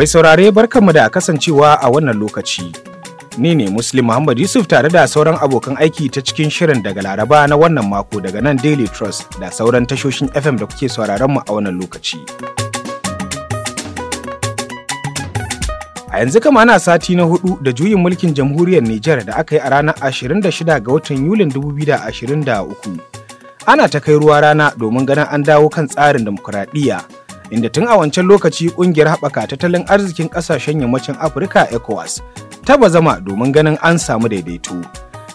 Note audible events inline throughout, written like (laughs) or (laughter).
Mai saurare barkanmu da kasancewa a wannan lokaci. Ni ne Muslim Muhammad Yusuf tare da sauran abokan aiki ta cikin shirin daga Laraba na wannan mako daga nan Daily Trust da sauran tashoshin FM da kuke sauraron mu a wannan lokaci. A yanzu kama ana sati na hudu da juyin mulkin jamhuriyar Nijar da aka yi a ranar 26 ga watan Yulin 2023. Ana ta kai ruwa rana domin ganin an dawo kan tsarin demokuraɗiyya. inda tun a wancan lokaci kungiyar haɓaka tattalin arzikin ƙasashen yammacin afirka ecowas ta zama domin ganin an samu daidaito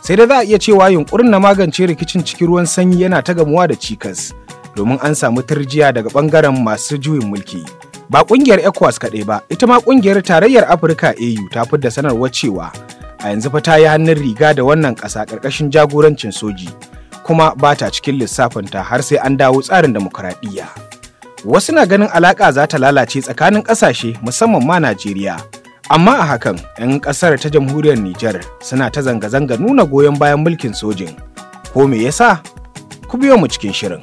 sai da za a iya cewa yunkurin na magance rikicin cikin ruwan sanyi yana ta gamuwa da cikas domin an samu tarjiya daga bangaren masu juyin mulki ba kungiyar ecowas kaɗai ba ita ma kungiyar tarayyar afirka au ta da sanarwar cewa a yanzu fa ta yi hannun riga da wannan ƙasa ƙarƙashin jagorancin soji kuma ba ta cikin lissafinta har sai an dawo tsarin demokuraɗiyya. Wasu na ganin alaƙa za ta lalace tsakanin ƙasashe musamman ma Najeriya. Amma a hakan, 'yan ƙasar ta jamhuriyar Nijar suna ta zanga-zanga nuna goyon bayan mulkin sojin. Ko me yasa? Ku biyo mu cikin shirin.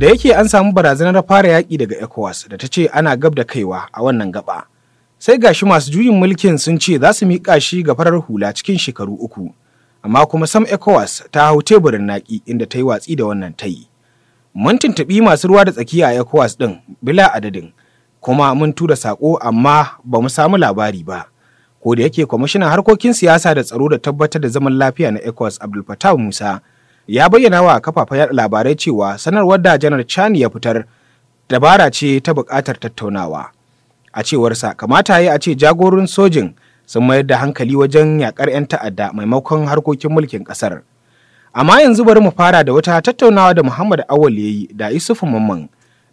da yake an samu barazanar fara yaƙi daga ECOWAS da ta ce ana gab da kaiwa a wannan gaba. Sai gashi masu juyin mulkin sun ce za su miƙa shi ga farar hula cikin shekaru uku, amma kuma sam ECOWAS ta hau teburin naƙi inda ta yi watsi da wannan ta yi. Mun tuntuɓi masu ruwa da tsakiya a ECOWAS ɗin bila adadin, kuma mun tura saƙo amma ba mu samu labari ba. Ko da yake kwamishinan harkokin siyasa da tsaro da tabbatar da zaman lafiya na ECOWAS abdulfatah Musa ya bayyana wa kafafen yaɗa labarai cewa sanarwar da janar chani ya fitar dabara ce ta buƙatar tattaunawa a cewarsa kamata ya yi a ce jagorin sojin sun mayar da hankali wajen yakar 'yan ta'adda maimakon harkokin mulkin ƙasar amma yanzu bari mu fara da wata tattaunawa da muhammad awal ya yi da isufu mamman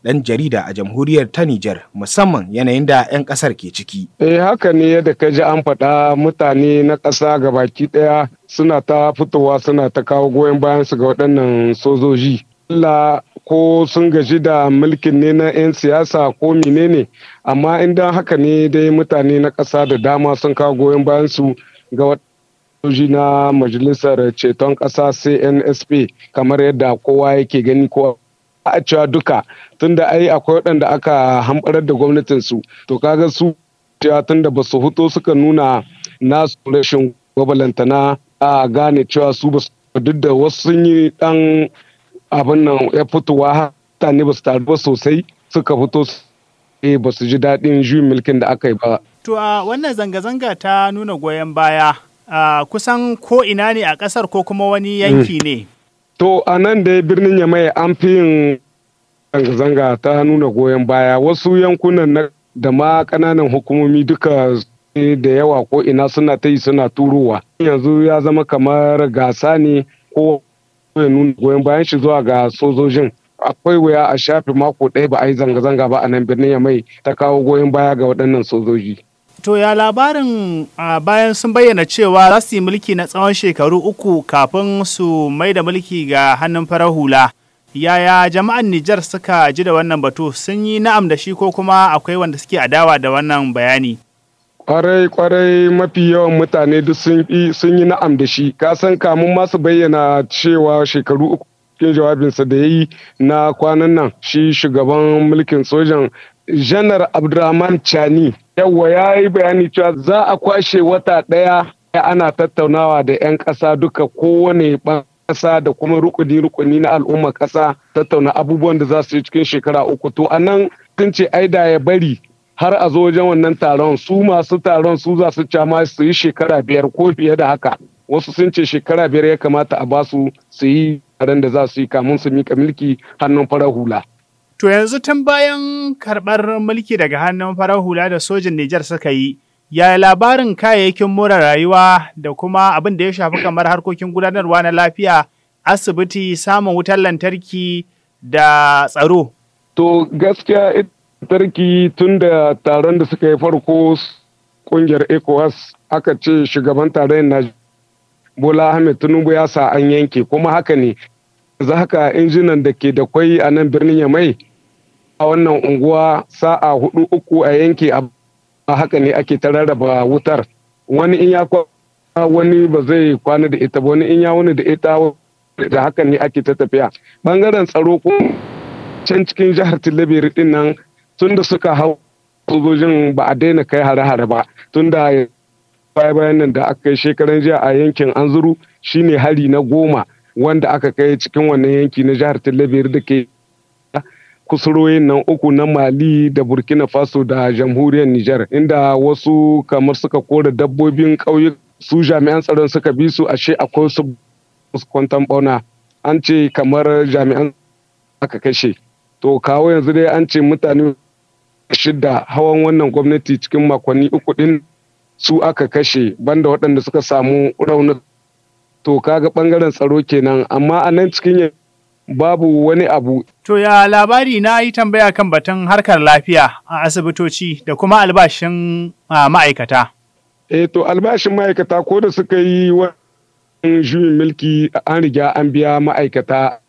ɗan jarida a jamhuriyar ta Nijar musamman yanayin da 'yan ƙasar ke ciki. Eh haka ne yadda ka ji an faɗa mutane na ƙasa baki ɗaya suna ta fitowa suna ta kawo goyon bayan su ga waɗannan sojoji. Allah ko sun gaji da mulkin ne na 'yan siyasa ko menene amma inda haka ne dai mutane na ƙasa da dama sun kawo goyon bayan su ga soji na majalisar ceton ƙasa cnsp kamar yadda kowa yake gani ko a cewa duka tunda ai akwai waɗanda aka hamɓarar da gwamnatin su to kaga su cewa tunda ba su huto suka nuna nasu rashin na. a gane cewa su ba duk da wasu sun yi dan abin nan ya fitowa hata ne ba su taru ba sosai suka fito eh, ba su ji daɗin juyin mulkin da aka yi ba. To a wannan zanga-zanga ta nuna goyon baya kusan ko ina ne a ƙasar ko kuma wani yanki mm. ne. To a nan dai birnin Yamai an fi yin zanga-zanga ta nuna goyon baya wasu yankunan da ma ƙananan hukumomi duka da yawa ko ina suna ta yi suna turowa. Yanzu ya zama kamar gasa ne ko ya nuna goyon bayan shi zuwa ga sojojin. Akwai wuya a shafe mako ɗaya ba a yi zanga-zanga ba a nan birnin Yamai ta kawo goyon baya ga waɗannan sojoji. To ya labarin a bayan sun bayyana cewa za su yi mulki na tsawon shekaru uku kafin su mai da mulki ga hannun farar hula. Yaya jama'an Nijar suka ji da wannan batu sun yi na'am da shi ko kuma akwai wanda suke adawa da wannan bayani? kwarai kwarai mafi yawan mutane duk sun yi na'am da shi kasan kamun masu bayyana cewa shekaru uku cikin jawabinsa da ya yi na kwanan nan shi shugaban mulkin sojan janar Abdulrahman chani yawa ya yi bayani cewa za a kwashe wata ɗaya ana tattaunawa da 'yan ƙasa duka kowane ƙasa da kuma rukuni-rukuni na al'umma ƙasa tattauna abubuwan da za su yi cikin shekara uku to a nan sun ce aida ya bari har a zo wajen wannan taron su masu taron su za su cama su yi shekara biyar ko fiye da haka wasu sun ce shekara biyar ya kamata a basu su yi taron da za su yi kamun su mika milki hannun farar hula. To yanzu tun bayan karɓar mulki daga hannun farar hula da sojin Nijar suka yi, yaya labarin kayayyakin more rayuwa da kuma abin da ya shafi kamar harkokin gudanarwa na lafiya, asibiti, samun wutar lantarki da tsaro? To gaskiya tarki tun da taron da suka yi farko kungiyar ECOWAS aka ce shugaban taron na Bola Ahmed Tinubu ya sa an yanke kuma haka ne. za haka injinan da ke da kwai a nan birnin yamai a wannan unguwa sa'a hudu uku a yanke a haka ne ake ta rarraba wutar wani in ya kwana wani ba zai kwana da ita ba wani in ya wani da ita da haka ne ake ta tafiya bangaren tsaro ko can cikin jihar tilabiri din nan tun da suka hau sojojin ba a daina kai hare-hare ba tun da bayan nan da aka kai shekaran jiya a yankin anzuru shine hari na goma wanda aka kai cikin wannan yanki na jihar tilabiri da ke kusurwoyin nan uku na mali da burkina faso da jamhuriyar Nijar, inda wasu kamar suka kora dabbobin ƙauye su jami'an tsaron suka bi su ashe akwai su kwantan bauna an ce kamar jami'an aka kashe to kawo yanzu dai an ce mutane shida hawan wannan gwamnati cikin makonni uku din su aka kashe banda waɗanda suka samu raunin, to kaga ɓangaren tsaro kenan amma a nan cikin babu wani abu. To ya labari na yi tambaya kan batun harkar lafiya a asibitoci da kuma albashin ma'aikata. E to albashin ma'aikata ko da suka yi wani juyin milki an riga an biya ma'aikata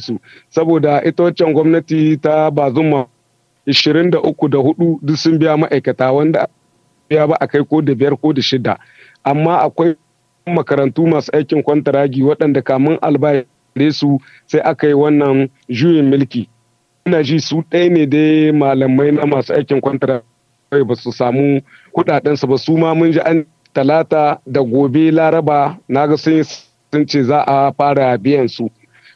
su saboda ita waccan gwamnati ta bazuma 23 da hudu duk sun biya ma'aikata wanda biya ba a kai ko da biyar ko da shida amma akwai makarantu masu aikin kwantaragi waɗanda kamun albashin gare su sai aka yi wannan juyin milki. ina ji su ɗaya ne dai malamai na masu aikin kwantara ba su samu kuɗaɗensu ba su ma mun ji an talata da gobe laraba na ga sun ce za a fara biyan su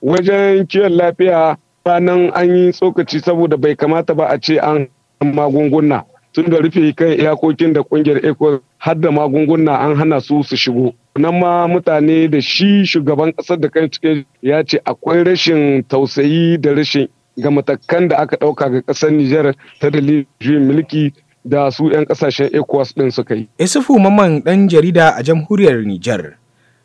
wajen kiwon lafiya ranan an yi tsokaci saboda bai kamata ba a ce an magunguna Sun da rufe kan iyakokin da kungiyar eco har da magunguna an hana su su shigo nan ma mutane da shi shugaban ƙasar da kan cike ya ce akwai rashin tausayi da rashin ga matakan da aka ɗauka ga ƙasar Nijar ta dalilin mulki da su 'yan ƙasashen ECOWAS ɗin suka yi. Isufu Maman ɗan jarida a jamhuriyar Nijar.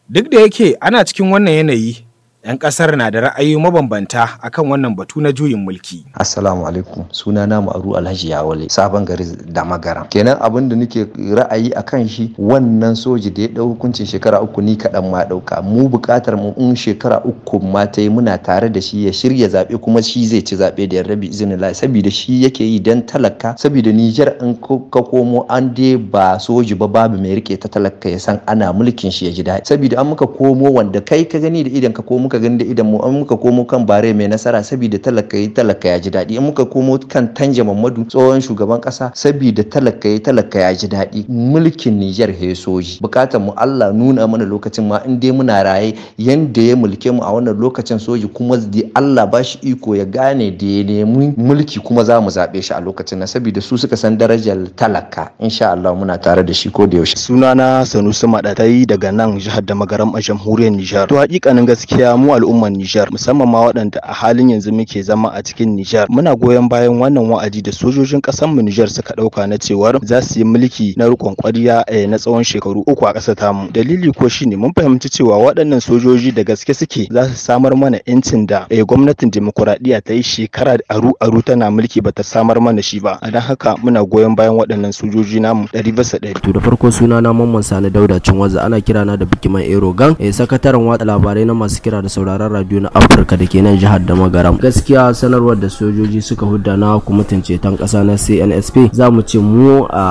Duk da yake ana cikin wannan yanayi, 'yan kasar na da ra'ayi mabambanta akan wannan batu na juyin mulki. Assalamu alaikum suna na Ma'aru Alhaji Yawale sabon gari da magara Kenan abin da nake ra'ayi akan shi wannan soji da ya dau hukuncin shekara uku ni kaɗan ma ɗauka mu buƙatar mu in shekara uku ma ta yi muna tare da shi ya shirya zaɓe kuma shi zai ci zaɓe da yarda bi izinin Allah saboda shi yake yi dan talaka saboda Nijar in ka komo an dai ba soji ba babu mai rike ta talaka ya san ana mulkin shi ya ji daɗi saboda an muka komo wanda kai ka gani da idan ka komo muka gani da idan mu an muka komo kan bare mai nasara sabida talaka yi talaka ya ji daɗi in muka komo kan Tanja mamadu tsohon shugaban ƙasa saboda talaka yi talaka ya ji daɗi mulkin Nijar he soji bukatar mu Allah nuna mana lokacin ma in dai muna raye yanda ya mulke mu a wannan lokacin soji kuma da Allah ba shi iko ya gane da ya nemi mulki kuma za mu zaɓe shi a lokacin na saboda su suka san darajar talaka insha Allah muna tare da shi ko da yaushe sunana Sanusi Madatai daga nan jihar da magaram a jamhuriyar Nijar to hakikanin gaskiya mu al'ummar Nijar musamman ma waɗanda a halin yanzu muke zama a cikin Nijar muna goyon bayan wannan wa'adi da sojojin ƙasar mu Nijar suka ɗauka na cewar za su yi mulki na riƙon ƙwarya eh, na tsawon shekaru uku a ƙasar tamu dalili ko shine mun fahimci cewa waɗannan sojoji da gaske suke za su samar mana 'yancin da eh, gwamnatin demokuraɗiyya ta yi shekara aru aru tana mulki ba ta samar mana shi ba a don haka muna goyon bayan waɗannan sojoji namu ɗari bisa ɗari. to da farko suna na mamman sani dauda cin waza ana kirana da bikiman erogan eh, sakataren watsa labarai na masu kira da sauraron radio na Afirka da ke nan jihar da magaram. Gaskiya sanarwar da sojoji suka hudda na kwamitin ceton kasa na CNSP za mu ce mu a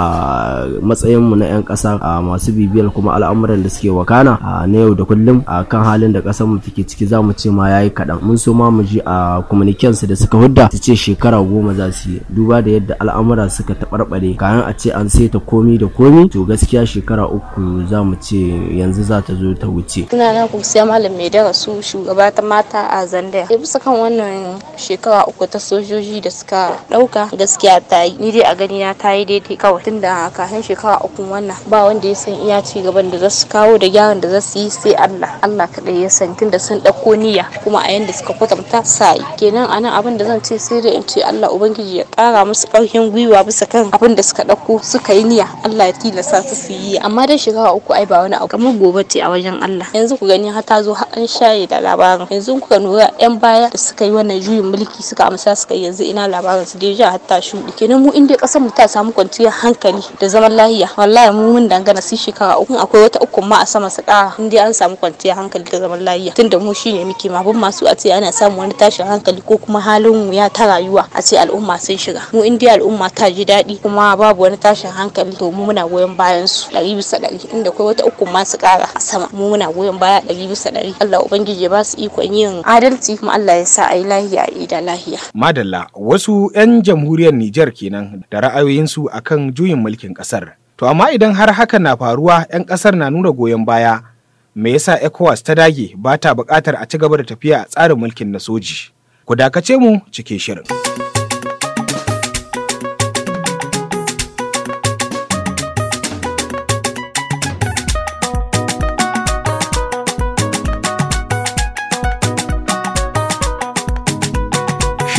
matsayin mu na 'yan kasa a masu bibiyar kuma al'amuran da suke wakana a na yau da kullum a kan halin da kasar mu take ciki za mu ce ma yayi kaɗan. Mun so ma mu ji a kwaminiken da suka hudda su ce shekara goma za su yi duba da yadda al'amura suka taɓarɓare kayan a ce an ta komi da komi to gaskiya shekara uku za mu ce yanzu za ta zo ta wuce. Sunana sai Malam Mai Darasu shugaba ta mata a Zandaya. Ya eh, bisa kan wannan shekara uku ta sojoji da suka ɗauka gaskiya ta yi. Ni dai a gani na ta yi daidai kawai. tun Tunda kafin shekara uku wannan ba wanda ya san iya ci gaban da zasu. kawo da gyaran da za yi sai Allah. Allah kaɗai ya san tun da sun ɗauko niyya kuma a yanda suka kwatanta sa Kenan anan nan abin da zan ce sai dai in ce Allah Ubangiji ya kara musu ƙarfin gwiwa bisa kan abin da suka ɗauko suka yi niyya Allah ya tilasta su su yi. Amma dai shekara uku ai ba wani abu kamar gobe ce a wajen Allah. Yanzu ku gani har ta zo har an shaye da labarin yanzu kuka nura yan baya da suka yi wannan juyin mulki suka amsa suka yanzu ina labarin su deja hatta shuɗi kenan mu inda kasar mu ta samu kwanciyar hankali da zaman lahiya wallahi mu mun dangana su shekara uku akwai wata uku ma a sama su kara inda an samu kwanciyar hankali da zaman lahiya tunda mu shine muke ma masu a ce ana samu wani tashin hankali ko kuma halin mu ya ta rayuwa a ce al'umma sun shiga mu inda al'umma ta ji daɗi kuma babu wani tashin hankali to mu muna goyon bayan su ɗari bisa ɗari inda akwai wata uku ma su kara a sama mu muna goyon baya ɗari bisa ɗari Allah ubangiji ba su ikon yin adalci kuma Allah ya sa a yi lahiya a ida lahiya. Madalla wasu 'yan jamhuriyar Nijar kenan da ra'ayoyinsu akan juyin mulkin ƙasar. To amma idan har haka na faruwa 'yan ƙasar na nuna goyon baya me yasa ECOWAS ta dage ba ta buƙatar a ci gaba da tafiya a tsarin mulkin na soji. Ku dakace mu cike shirin.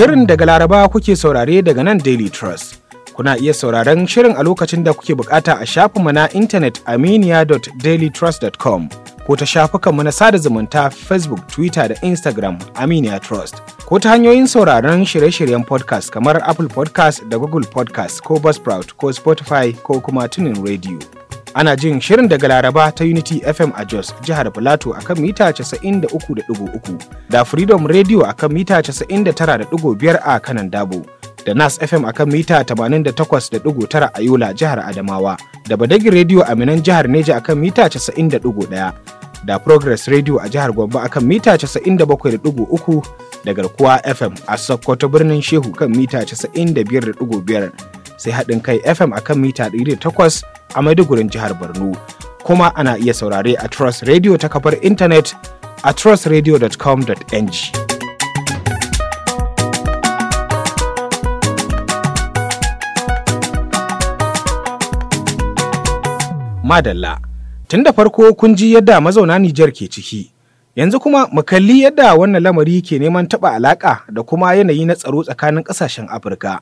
Shirin daga Laraba kuke saurare daga nan Daily Trust. Kuna iya sauraren shirin a lokacin da kuke bukata a shafinmu na intanet aminiya.dailytrust.com ko ta shafukanmu na sada zumunta Facebook, Twitter da Instagram Aminiya Trust. Ko ta hanyoyin sauraron shirye-shiryen podcast kamar Apple podcast da Google podcast ko Buzzsprout ko Spotify ko kuma tunin radio. Ana jin shirin daga Laraba ta Unity FM a Jos, jihar Filato a kan mita 93.3 da Freedom Radio a kan mita 99.5 a kanan Dabo. Da Nas FM a kan mita 88.9 a Yola jihar Adamawa, da Badagi Radio a Minan jihar Neja a kan mita 91, da Progress Radio a jihar Gombe a kan mita 97.3 da Garkuwa FM a Sokoto birnin Shehu kan mita 95.5 sai haɗin kai FM akan mita 108 a Maiduguri jihar Borno. Kuma ana iya saurare a Trust Radio ta kafar intanet a trustradio.com.ng. madalla. Tun da farko kun ji yadda mazauna Nijar ke ciki. Yanzu kuma mu kalli yadda wannan lamari ke neman taɓa alaƙa da kuma yanayi na tsaro tsakanin ƙasashen Afirka.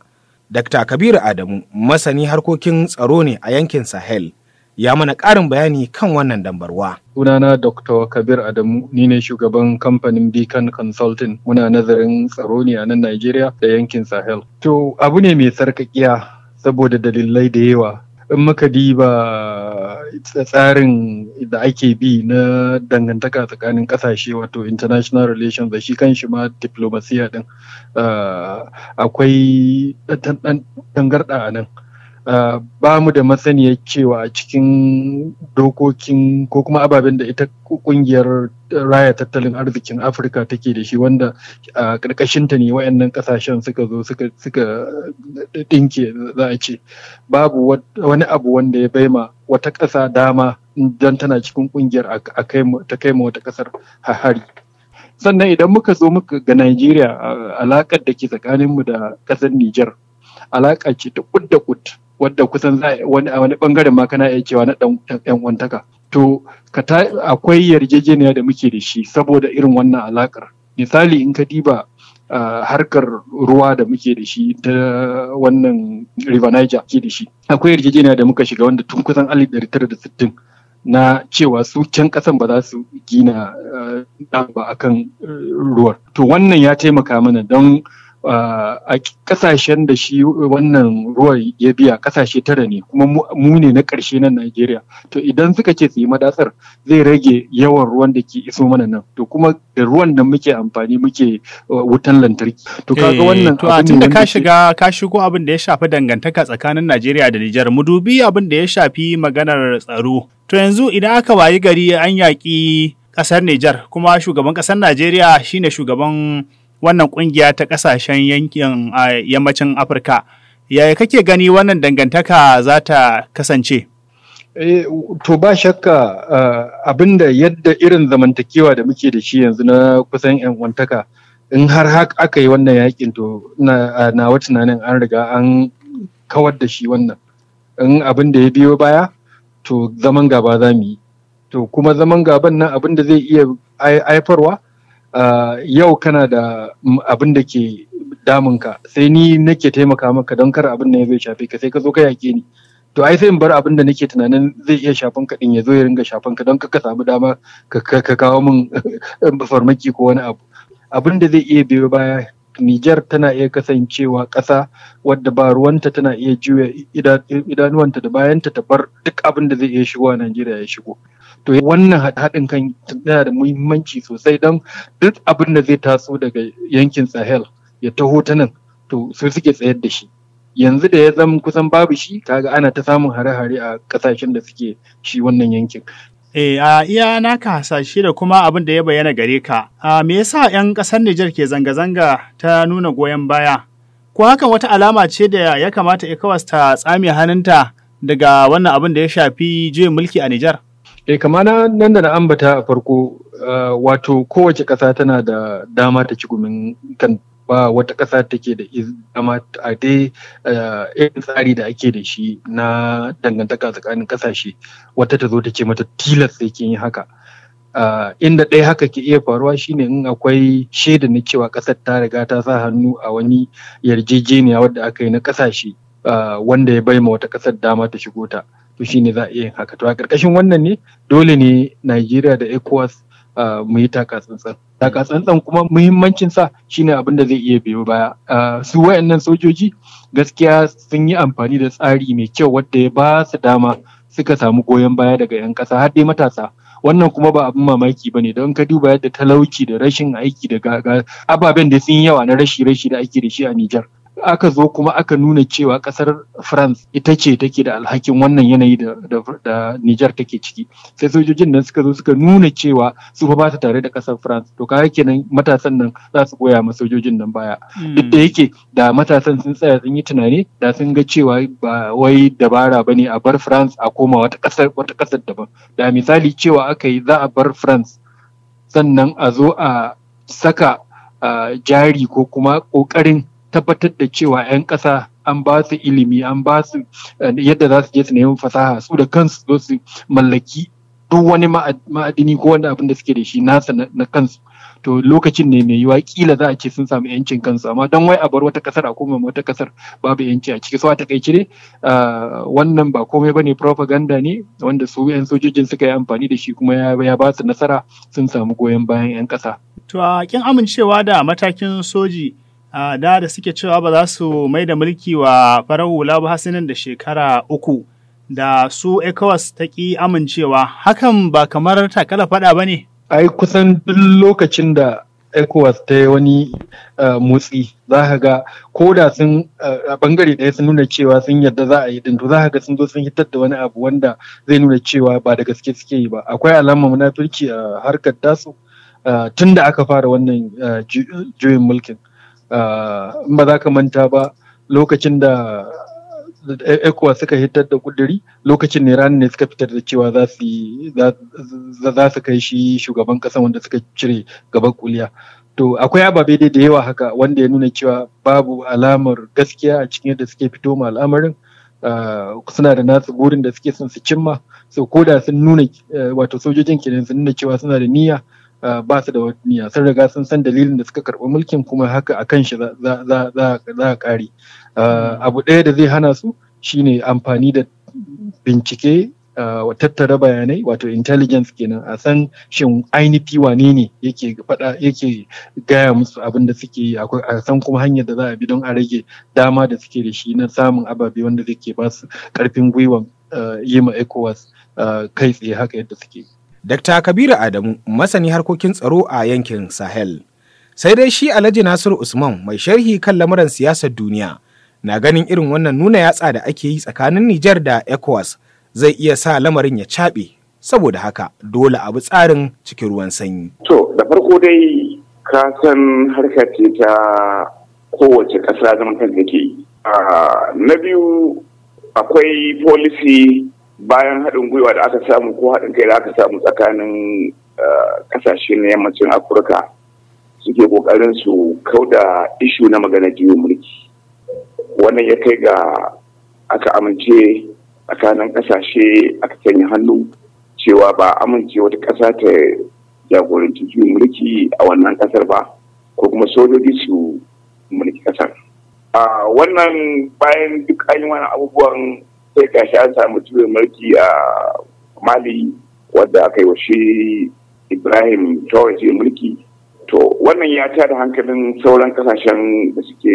Dr. Kabiru Adamu masani harkokin tsaro ne a yankin Sahel. ya mana ƙarin bayani kan wannan dambarwa. Sunana Dr. Kabir Adamu ni ne shugaban kamfanin Beacon Consulting muna nazarin tsaro ne a nan Najeriya da yankin Sahel. To abu ne mai sarkakiya saboda dalilai da yawa in muka diba tsarin da ake bi na dangantaka tsakanin kasashe wato international relations da shi kan shi ma diplomasiya din eh, akwai dangarɗa a nan Eh, ba mu da masaniyar cewa a cikin dokokin ko kuma ababen da ita kungiyar raya tattalin arzikin afirka take da shi wanda a uh, ne wayannan kasashen suka zo suka dinke eh, za a ce babu wani abu wanda ya baima wata ƙasa dama don tana cikin kungiyar ta kai ma wata ƙasar hari sannan idan muka zo muka ga najeriya alaƙar da ke tsakaninmu da ƙasar Nijar, alaƙa ce ta kud da kud wadda kusan wani wani bangaren ma kana iya cewa na dan yan wantaka to akwai yarjejeniya da muke da shi saboda irin wannan alakar misali in ka diba harkar ruwa da muke da shi ta wannan river niger ke da shi akwai yarjejeniya da muka shiga wanda tun kusan 1960 na cewa su can kasan ba za su gina ba akan eh, ruwar to wannan ya taimaka mana don a kasashen da shi wannan ruwan ya biya kasashe tara ne kuma mu ne na ƙarshe nan Najeriya to idan suka ce su yi madatsar zai rage yawan ruwan da ke iso mana nan to kuma da ruwan da muke amfani muke uh, wutan lantarki to kaga eh, wannan to a tunda ka shiga ka shigo abin da ya shafi dangantaka tsakanin Najeriya da Nijar mu dubi abin da ya shafi maganar tsaro to yanzu idan aka wayi gari an yaƙi ƙasar Nijar kuma shugaban ƙasar Najeriya shine shugaban wannan kungiya ta kasashen yankin yammacin Afirka. Yaya kake gani wannan dangantaka za ta kasance? Eh, to ba shakka abin abinda yadda irin zamantakewa da muke da shi yanzu na kusan 'yan wantaka in har haka aka yi wannan yakin to na, wata tunanin an riga an kawar da shi wannan in abin da ya biyo baya to zaman gaba za mu yi to kuma zaman gaban nan abin da zai iya haifarwa Ah, yau kana da abin da ke damunka sai ni nake taimaka maka don kar abin da ya zai shafe ka sai ka zo ka yake ni to ai sai in bar abin da nake tunanin zai iya shafan ka din ya zo ya ringa shafan ka don ka ka samu dama ka kawo min (laughs) farmaki ko wani abu abin da zai iya biyo baya Nijar tana iya kasancewa ƙasa wadda ba ruwanta tana iya juya idanuwanta da bayanta ta bar duk abin da zai iya shigo a Najeriya ya shigo. to wannan haɗin kan yana da muhimmanci sosai don duk abin da zai taso daga yankin sahel ya taho ta nan to su suke tsayar da shi yanzu da ya zama kusan babu shi kaga ana ta samun hare-hare a kasashen da suke shi wannan yankin E, a iya naka hasashe da kuma abin da ya bayyana gare ka, a me yasa 'yan ƙasar Nijar ke zanga-zanga ta nuna goyon baya? Ko hakan wata alama ce da ya kamata ECOWAS ta tsame hannunta daga wannan abin da ya shafi juyin mulki a Nijar? E kama nan da na ambata a farko eh, wato kowace ƙasa tana da dama ta ci gumin kan ba wata ƙasa take da dama a dai eh, irin tsari da ake da shi na dangantaka tsakanin ƙasashe wata ta zo ta ce mata tilas sai ke yi haka. inda ɗaya haka ke iya faruwa shine in akwai shaida na cewa ƙasar ta riga ta sa hannu a wani yarjejeniya wadda aka yi na ƙasashe uh, wanda ya bai ma wata ƙasar dama ta shigo ta. to shine za a iya yin haka to a ƙarƙashin wannan ne dole ne Najeriya da ECOWAS mu yi taka tsantsan kuma muhimmancin sa shine abin da zai iya biyo baya su wayannan sojoji gaskiya sun yi amfani da tsari mai kyau wadda ya ba su dama suka samu goyon baya daga 'yan ƙasa har dai matasa wannan kuma ba abin mamaki ba ne don ka duba yadda talauci da rashin aiki da ababen da sun yawa na rashi rashi da ake da shi a Nijar aka zo kuma aka nuna cewa kasar france ita ce take da alhakin wannan yanayi da, da, niger take ciki sai sojojin nan suka zo suka nuna cewa su ba ta tare da kasar france to kaga kenan matasan nan za su goya ma sojojin nan baya hmm. duk da yake da matasan sun tsaya sun yi tunani da sun ga cewa ba wai dabara bane a bar france a koma wata kasar wata kasar daban da misali cewa aka yi za a bar france sannan a zo a saka jari ko kuma kokarin tabbatar da cewa 'yan ƙasa an ba su ilimi an ba su eh, yadda za su je su nemi fasaha su da kansu su su mallaki duk wani ma'adini ko wani abin da suke da shi nasa na kansu to lokacin ne mai yiwa kila za a ce sun samu yancin kansu amma don wai a bar wata kasar a koma wata kasar babu yanci a ciki so a takaice ne ah, wannan ba komai bane propaganda ne wanda su yan sojojin suka yi amfani da shi kuma ya ba su nasara sun samu goyon bayan yan kasa to a kin amincewa da matakin soji da da suke cewa ba za su mai da mulki wa farar hula ba hasinan da shekara uku da su ECOWAS ta ƙi amincewa hakan ba kamar takala faɗa ba ne? Ai kusan duk lokacin da ECOWAS ta yi wani motsi za ka ga ko da sun a bangare ɗaya sun nuna cewa sun yarda za a yi din za ka ga sun zo sun hitar da wani abu wanda zai nuna cewa ba da gaske suke yi ba akwai alama munafurci a harkar tasu tun da aka fara wannan juyin mulkin ba za ka manta ba lokacin da ECOWAS suka hitar da kuduri lokacin ne ranar ne suka fitar da cewa za su kai shi shugaban kasa wanda suka cire gaban kuliya to akwai ababe dai da yawa haka wanda ya nuna cewa babu alamar gaskiya a cikin yadda suke fito ma al'amarin suna da nasu burin da suke son su cimma so ko sun nuna eh, wato sojojin kenan sun nuna cewa suna da niyya Eh, ba su da wani niyya sun riga sun san dalilin da suka karɓi mulkin kuma haka a kan shi za a kare eh, abu ɗaya da zai hana su shine amfani da bincike eh, wa tattara bayanai wato intelligence kenan a san shin ainihi wane ne yake faɗa yake gaya musu abin da suke yi a san kuma hanyar da za a bi don a rage dama da suke da shi na samun ababe wanda zai ke ba su ƙarfin gwiwan yi ma ECOWAS kai tsaye haka yadda suke yi. Dr. Kabiru Adamu masani harkokin tsaro a yankin Sahel. Sai dai shi Alhaji Nasiru Usman mai sharhi kan lamuran siyasar duniya na ganin irin wannan nuna yatsa da ake yi tsakanin Nijar da ECOWAS zai iya sa lamarin ya caɓe saboda haka dole abu tsarin cikin ruwan sanyi. To da farko dai ka san harka ta kowace ƙasa zama kan take. Ah, na biyu akwai policy bayan haɗin gwiwa da aka samu ko haɗin kai da aka samu tsakanin eh, kasashe na yammacin afirka suke ƙoƙarin su kauda ishu na magana jiwo mulki wannan ya kai ga aka amince tsakanin kasashe aka sanya hannu cewa ba amince wata ƙasa ta jagoranci juyin mulki a wannan ƙasar ba ko kuma sojoji su mulki ƙasar. Ah, wannan bayan duk an abubuwan sai gashi an samu juyin mulki a mali wadda aka yi wa shi ibrahim tawaji mulki to wannan ya tada hankalin sauran kasashen da suke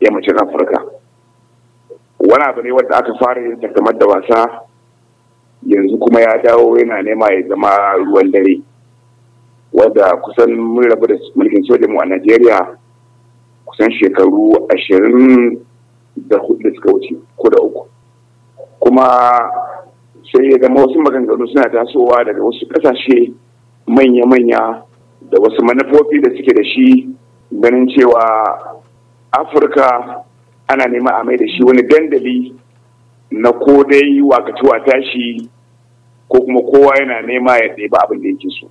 yammacin afirka wani abu ne wadda aka fara yin takamar da wasa yanzu kuma ya dawo yana nema ya zama ruwan dare wadda kusan mun rabu da mulkin soja mu a najeriya kusan shekaru ashirin da hudu da suka wuce ko da uku kuma sai ya zama wasu maganganu suna tasowa daga wasu ƙasashe manya-manya da wasu manufofi da suke da shi ganin cewa afirka ana nema a mai da shi wani dandali na ko dai wakatuwa tashi ko kuma kowa yana nema ya ɗeba abin da yake so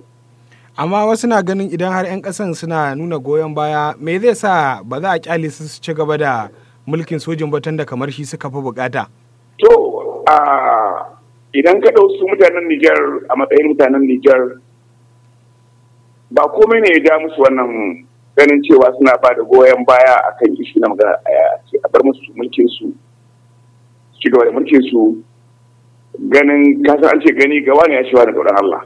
amma wasu na ganin idan har 'yan ƙasan suna nuna goyon baya me zai sa ba za a kyale su ci gaba da mulkin sojin batun da kamar shi suka fi bukata to idan ka ɗau su mutanen Nijar a matsayin mutanen Nijar ba komai ne ya ja musu wannan ganin cewa suna ba da goyon baya a kan isu na magana a bar musu mulkin su da mulkin su ganin kasar an ce gani ga ne ya cewa da tsoron Allah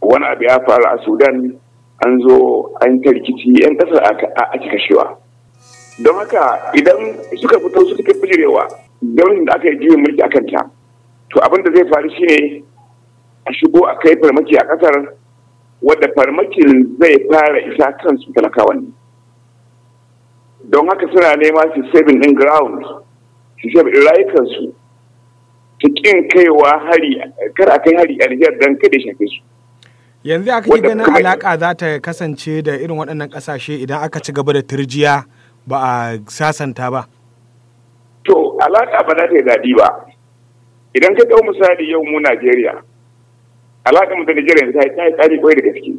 wani abu ya faru a Sudan an zo an ta yan kasar a cika shewa don haka idan suka fito suka jirewa. daunin da aka yi juyin mulki a ta to abin da zai faru shine a shigo a kai farmaki a kasar wadda farmakin zai fara isa kansu talakawa ne don haka suna nema su saving in ground su shafi rayukansu su kin kaiwa hari kar a kai hari a Nijar don kada shafe su yanzu aka yi ganin alaka za ta kasance da irin waɗannan ƙasashe idan aka ci gaba da turjiya ba a sasanta ba to alaƙa ba za ta yi daɗi ba idan ka ɗau misali yau mu najeriya alaƙa mu da najeriya ta yi ƙari ƙwai da gaske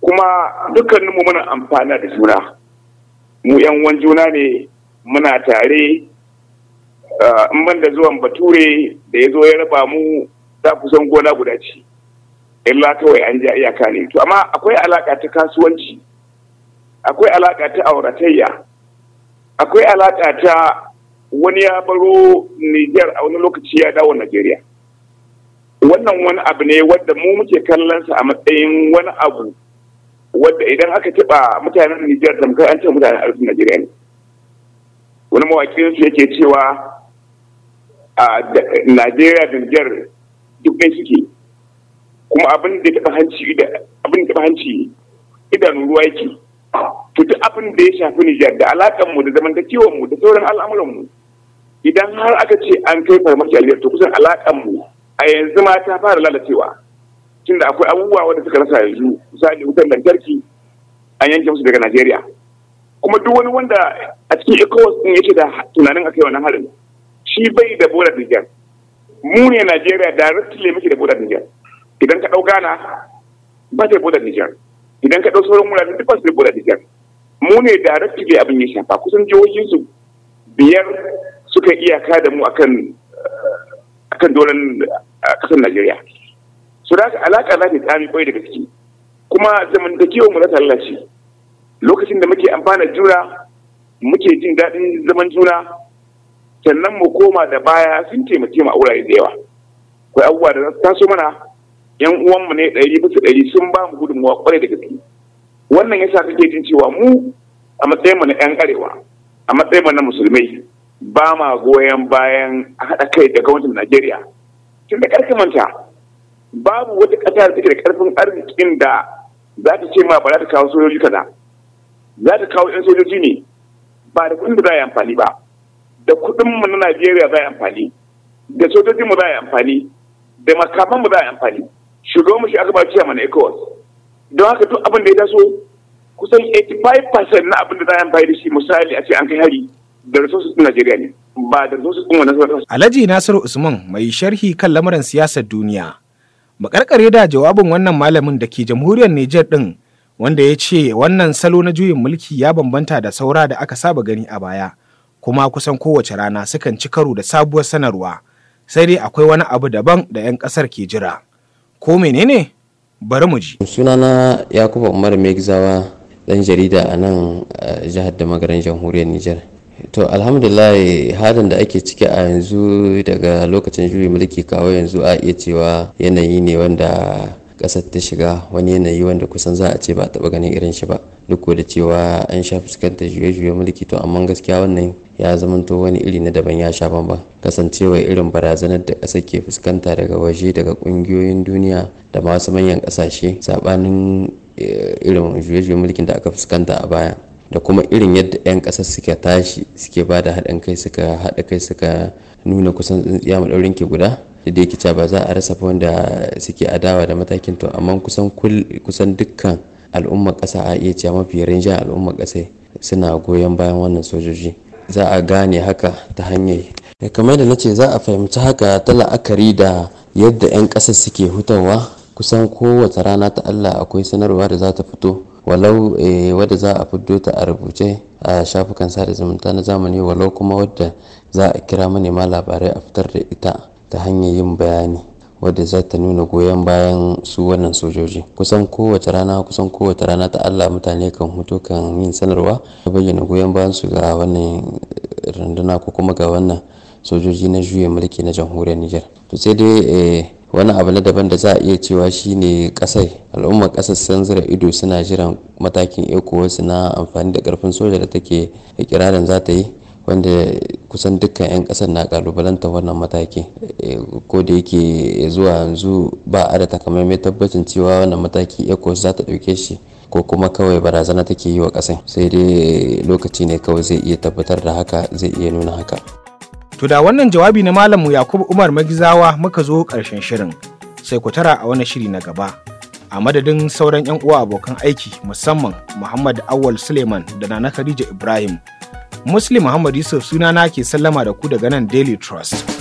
kuma dukkanin mu muna amfana da juna mu yan wan juna ne muna tare ah, in ban da zuwan bature da ya zo ya raba mu za san gona guda ce illa kawai an ja iyaka ne to amma akwai alaƙa ta kasuwanci akwai alaƙa ta auratayya akwai alaƙa ta wani ya baro Nijar a wani lokaci ya dawo Najeriya. Wannan wani abu ne wadda mu muke kallon sa a matsayin wani abu wadda idan aka taɓa mutanen Nijar tamkar an ce mutanen arzikin Najeriya ne. Wani mawaƙin su yake cewa a Najeriya da Nijar duk ɗaya suke kuma abin da taɓa hanci abin da taɓa hanci idanun ruwa yake. Tutu abin da ya shafi Nijar da alakan mu da zamantakewar mu da sauran al'amuran mu idan har aka ce an kai farmaki a to kusan alaƙan mu a yanzu ma ta fara lalacewa tunda akwai abubuwa wanda suka rasa yanzu misali wutar lantarki an yanke musu daga Najeriya kuma duk wani wanda a cikin ECOWAS din yake da tunanin akai wannan harin shi bai da bola Niger mu ne Najeriya directly muke da bola Niger idan ka dau Ghana ba ta bola Niger idan ka dau sauran wurare duk ba su da bola Niger mu ne directly abin ya shafa kusan jihohin su biyar suka iyaka da mu akan eh, doron kasar eh, Najeriya. So da alaƙa za ta tsami kwai da gaske. Kuma zamantakewar mu na tallace lokacin da muke amfana juna muke jin daɗin zaman juna sannan mu koma da baya sun taimake mu a wurare da yawa. Kwai abubuwa da za taso mana yan uwanmu ne ɗari bisa ɗari sun ba mu gudunmawa kwarai da gaske. Wannan yasa kake jin cewa mu a mu na 'yan arewa a mu na musulmai ba ma goyon bayan haɗa kai da gwamnatin Najeriya. Tun da ƙarfin manta, babu wata ƙasa da take da ƙarfin arzikin da za ta ce ma ba za ta kawo sojoji kaza. Za ta kawo 'yan sojoji ne ba da kuɗin da za a yi amfani ba. Da kuɗin mu na Najeriya za a yi amfani. Da sojojin mu za a yi amfani. Da makaman mu za a yi amfani. Shugaban mu shi aka ba mana ECOWAS. Don haka duk abin da ya taso kusan 85% na abin da za a yi amfani da shi misali a ce an kai hari. Alhaji Nasiru Usman mai sharhi kan lamarin siyasar duniya makarkare da jawabin wannan malamin da ke jamhuriyar Nijar ɗin wanda ya ce wannan salo na juyin mulki ya bambanta da saura da aka saba gani a baya kuma kusan kowace rana sukan ci karo da sabuwar sanarwa sai dai akwai wani abu daban da 'yan ƙasar ke jira ko menene bari mu ji sunana yakubu umar megzawa ɗan jarida a nan eh, jihar da magaran jamhuriyar nijar to alhamdulillah halin da ake ciki a yanzu daga lokacin juri mulki kawo yanzu a iya cewa yanayi ne wanda kasar ta shiga wani yanayi wanda kusan za a ce ba a taɓa ganin irin shi ba duk da cewa an sha fuskantar juye-juye mulki to amma gaskiya wannan ya zamanto wani iri na daban ya sha bamban kasancewa irin barazanar da ƙasar ke fuskanta daga waje daga ƙungiyoyin duniya da masu manyan ƙasashe sabanin eh, irin juye-juye mulkin da aka fuskanta a baya da kuma irin yadda 'yan ƙasar suke tashi suke ba da haɗin kai suka haɗa kai suka nuna kusan tsintsiya maɗaurin ke guda da yake ba za a rasa wanda suke adawa da matakin to amma kusan kusan dukkan al'ummar ƙasa a iya cewa mafi rinjin al'ummar ƙasa suna goyon bayan wannan sojoji za a gane haka ta hanyar kamar da nace za a fahimci haka ta la'akari da yadda 'yan ƙasar suke hutawa kusan kowace rana ta allah akwai sanarwa da za ta fito walau eh, wadda za a fito ta a rubuce a shafukan sada zumunta na zamani walau kuma wadda za a kira manema labarai a fitar da ita ta hanyar yin bayani wadda za ta nuna goyon bayan su wannan sojoji kusan kowace rana kusan kowace rana ta allah mutane kan hutu kan yin sanarwa ta bayyana goyon bayan su ga wannan runduna ko kuma ga wannan sojoji na juya mulki na jamhuriyar niger to sai dai eh, wani abu na daban da za a iya cewa shi ne kasai al'ummar kasar sun zira ido suna jiran matakin ecowas na amfani da karfin soja da take ikirarin za ta yi wanda kusan dukkan 'yan kasar na kalubalanta wannan mataki eh, ko da yake zuwa yanzu ba a da takamaimai tabbacin cewa wannan mataki ecowas za ta ɗauke shi ko kuma kawai barazana take yi wa kasai sai dai lokaci ne kawai zai iya tabbatar da haka zai iya nuna haka To da wannan jawabi na Malam Yakubu Umar Magizawa muka zo ƙarshen shirin. Sai ku tara a wani shiri na gaba. A madadin sauran 'yan uwa abokan aiki musamman Muhammad Awal Suleiman da Nana Khadija Ibrahim. Muslim Muhammad Yusuf sunana ke sallama da ku daga nan Daily Trust.